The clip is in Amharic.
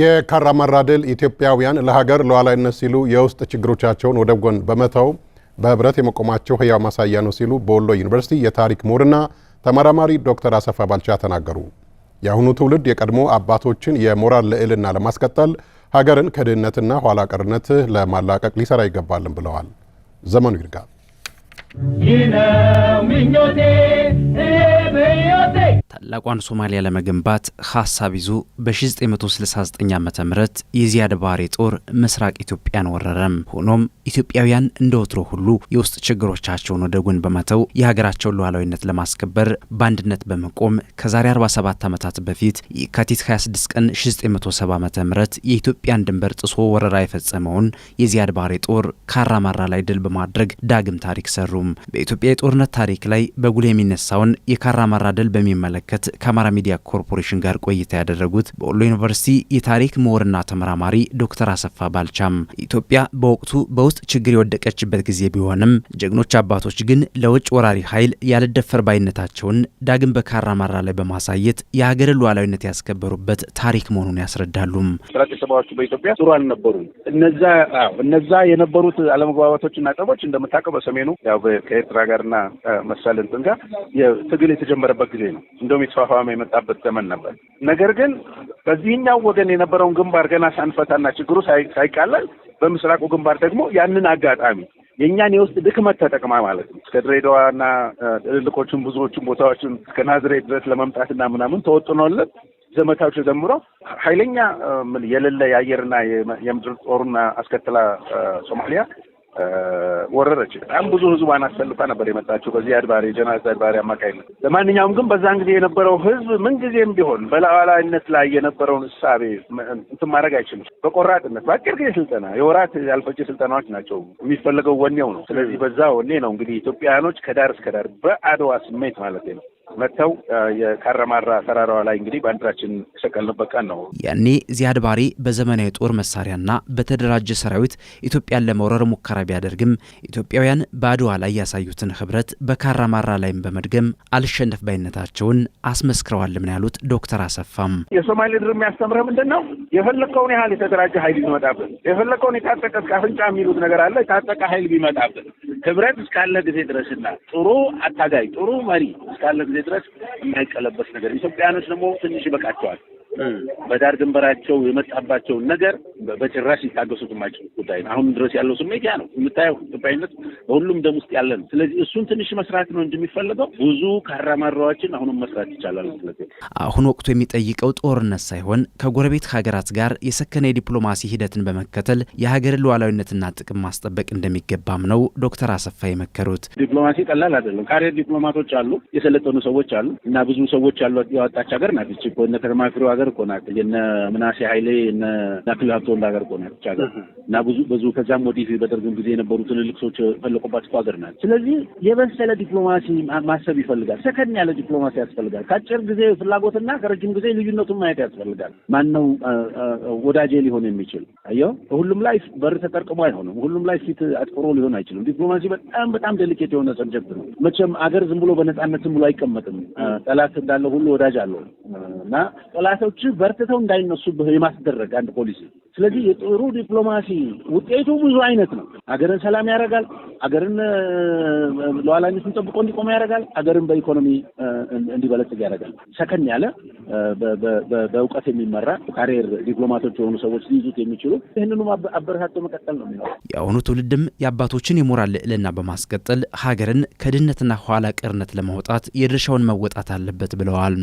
የካራማራ ድል ኢትዮጵያውያን ለሀገር ሉዓላዊነት ሲሉ የውስጥ ችግሮቻቸውን ወደ ጎን በመተው በህብረት የመቆማቸው ህያው ማሳያ ነው ሲሉ በወሎ ዩኒቨርሲቲ የታሪክ ምሁርና ተመራማሪ ዶክተር አሰፋ ባልቻ ተናገሩ። የአሁኑ ትውልድ የቀድሞ አባቶችን የሞራል ልዕልና ለማስቀጠል ሀገርን ከድህነትና ኋላ ቀርነት ለማላቀቅ ሊሰራ ይገባልን ብለዋል። ዘመኑ ይርጋል ይርጋ ታላቋን ሶማሊያ ለመገንባት ሀሳብ ይዞ በ1969 ዓ ም የዚያድ ባሬ ጦር ምስራቅ ኢትዮጵያን ወረረም። ሆኖም ኢትዮጵያውያን እንደ ወትሮ ሁሉ የውስጥ ችግሮቻቸውን ወደ ጎን በመተው የሀገራቸውን ሉዓላዊነት ለማስከበር በአንድነት በመቆም ከዛሬ 47 ዓመታት በፊት የካቲት 26 ቀን 1970 ም የኢትዮጵያን ድንበር ጥሶ ወረራ የፈጸመውን የዚያድ ባሬ ጦር ካራማራ ላይ ድል በማድረግ ዳግም ታሪክ ሰሩም። በኢትዮጵያ የጦርነት ታሪክ ላይ በጉልህ የሚነሳውን የካራማራ ድል በሚመለከት ከአማራ ሚዲያ ኮርፖሬሽን ጋር ቆይታ ያደረጉት በወሎ ዩኒቨርሲቲ የታሪክ ምሁርና ተመራማሪ ዶክተር አሰፋ ባልቻም ኢትዮጵያ በወቅቱ በውስጥ ውስጥ ችግር የወደቀችበት ጊዜ ቢሆንም ጀግኖች አባቶች ግን ለውጭ ወራሪ ኃይል ያልደፈር ባይነታቸውን ዳግም በካራ ማራ ላይ በማሳየት የሀገር ሉዓላዊነት ያስከበሩበት ታሪክ መሆኑን ያስረዳሉም። ምስራቅ በኢትዮጵያ ጥሩ አልነበሩም። እነዛ እነዛ የነበሩት አለመግባባቶችና ጠቦች እንደምታውቀው በሰሜኑ ያው ከኤርትራ ጋርና መሰል እንትን ጋር ትግል የተጀመረበት ጊዜ ነው። እንደውም የተፋፋመ የመጣበት ዘመን ነበር። ነገር ግን በዚህኛው ወገን የነበረውን ግንባር ገና ሳንፈታና ችግሩ ሳይቃለል በምስራቁ ግንባር ደግሞ ያንን አጋጣሚ የእኛን የውስጥ ድክመት ተጠቅማ ማለት ነው እስከ ድሬዳዋና ትልልቆቹን ብዙዎቹን ቦታዎችን እስከ ናዝሬት ድረስ ለመምጣትና ምናምን ተወጥኖልን ዘመታዎች ጀምሮ ኃይለኛ የሌለ የአየርና የምድር ጦሩና አስከትላ ሶማሊያ ወረረች። በጣም ብዙ ህዝቧን አሰልፋ ነበር የመጣችው በዚህ አድባሬ ጀነራል አድባሬ አማካኝነት። ለማንኛውም ግን በዛን ጊዜ የነበረው ህዝብ ምንጊዜም ቢሆን በላዋላዊነት ላይ የነበረውን እሳቤ እንትን ማድረግ አይችልም። በቆራጥነት በአጭር ጊዜ ስልጠና የወራት ያልፈጭ ስልጠናዎች ናቸው። የሚፈለገው ወኔው ነው። ስለዚህ በዛ ወኔ ነው እንግዲህ ኢትዮጵያውያኖች ከዳር እስከ ዳር በአድዋ ስሜት ማለት ነው መጥተው የካረማራ ተራራዋ ላይ እንግዲህ ባንዲራችን የሰቀልንበት ቀን ነው። ያኔ ዚያድ ባሬ በዘመናዊ ጦር መሳሪያና በተደራጀ ሰራዊት ኢትዮጵያን ለመውረር ሙከራ ቢያደርግም ኢትዮጵያውያን በአድዋ ላይ ያሳዩትን ህብረት በካራማራ ላይም በመድገም አልሸነፍ ባይነታቸውን አስመስክረዋል። ምን ያሉት ዶክተር አሰፋም የሶማሌ ድር የሚያስተምረ ምንድን ነው? የፈለግከውን ያህል የተደራጀ ኃይል ቢመጣብን የፈለግከውን የታጠቀ እስከ አፍንጫ የሚሉት ነገር አለ። የታጠቀ ኃይል ቢመጣብን ህብረት እስካለ ጊዜ ድረስና ጥሩ አታጋይ ጥሩ መሪ እስካለ ጊዜ ድረስ የማይቀለበስ ነገር ኢትዮጵያኖች ደግሞ ትንሽ ይበቃቸዋል። በዳር ድንበራቸው የመጣባቸውን ነገር በጭራሽ ሊታገሱት የማይችሉት ጉዳይ ነው። አሁን ድረስ ያለው ስሜት ያ ነው። የምታየው ኢትዮጵያዊነት በሁሉም ደም ውስጥ ያለ ነው። ስለዚህ እሱን ትንሽ መስራት ነው እንጂ የሚፈለገው ብዙ ካራማራዎችን አሁንም መስራት ይቻላል። ስለዚህ አሁን ወቅቱ የሚጠይቀው ጦርነት ሳይሆን ከጎረቤት ሀገራት ጋር የሰከነ የዲፕሎማሲ ሂደትን በመከተል የሀገርን ሉዓላዊነትና ጥቅም ማስጠበቅ እንደሚገባም ነው ዶክተር አሰፋ የመከሩት። ዲፕሎማሲ ቀላል አይደለም። ካሬር ዲፕሎማቶች አሉ፣ የሰለጠኑ ሰዎች አሉ እና ብዙ ሰዎች ያሏት ያወጣች ሀገር ናት። እቺ ከነ ሀገር ሀገር እኮ ናት። የነ ምናሴ ኃይሌ የነ አክሊሉ ሀብተወልድ ሀገር እኮ ናት ብቻ ሀገር እና ብዙ ብዙ ከዚያም ወዲህ በደርግም ጊዜ የነበሩ ትልልቅ ሰዎች የፈለቁባት እኮ ሀገር ናት። ስለዚህ የበሰለ ዲፕሎማሲ ማሰብ ይፈልጋል። ሰከን ያለ ዲፕሎማሲ ያስፈልጋል። ከአጭር ጊዜ ፍላጎትና ከረጅም ጊዜ ልዩነቱን ማየት ያስፈልጋል። ማን ነው ወዳጄ ሊሆን የሚችል? አየው ሁሉም ላይ በር ተጠርቅሞ አይሆንም። ሁሉም ላይ ፊት አጥቁሮ ሊሆን አይችልም። ዲፕሎማሲ በጣም በጣም ደሊኬት የሆነ ሰብጀክት ነው። መቼም አገር ዝም ብሎ በነፃነት ዝም ብሎ አይቀመጥም። ጠላት እንዳለው ሁሉ ወዳጅ አለው እና ጠላት ችግሮች በርትተው እንዳይነሱብህ የማስደረግ አንድ ፖሊሲ። ስለዚህ የጥሩ ዲፕሎማሲ ውጤቱ ብዙ አይነት ነው። አገርን ሰላም ያደርጋል። አገርን ሉዓላዊነቱን ጠብቆ እንዲቆም ያደርጋል። አገርን በኢኮኖሚ እንዲበለጽግ ያደርጋል። ሰከን ያለ በእውቀት የሚመራ ካሬር ዲፕሎማቶች የሆኑ ሰዎች ሊይዙት የሚችሉ ይህንኑ አበረታቶ መቀጠል ነው የሚለው የአሁኑ ትውልድም የአባቶችን የሞራል ልዕልና በማስቀጠል ሀገርን ከድህነትና ኋላ ቀርነት ለማውጣት የድርሻውን መወጣት አለበት ብለዋል።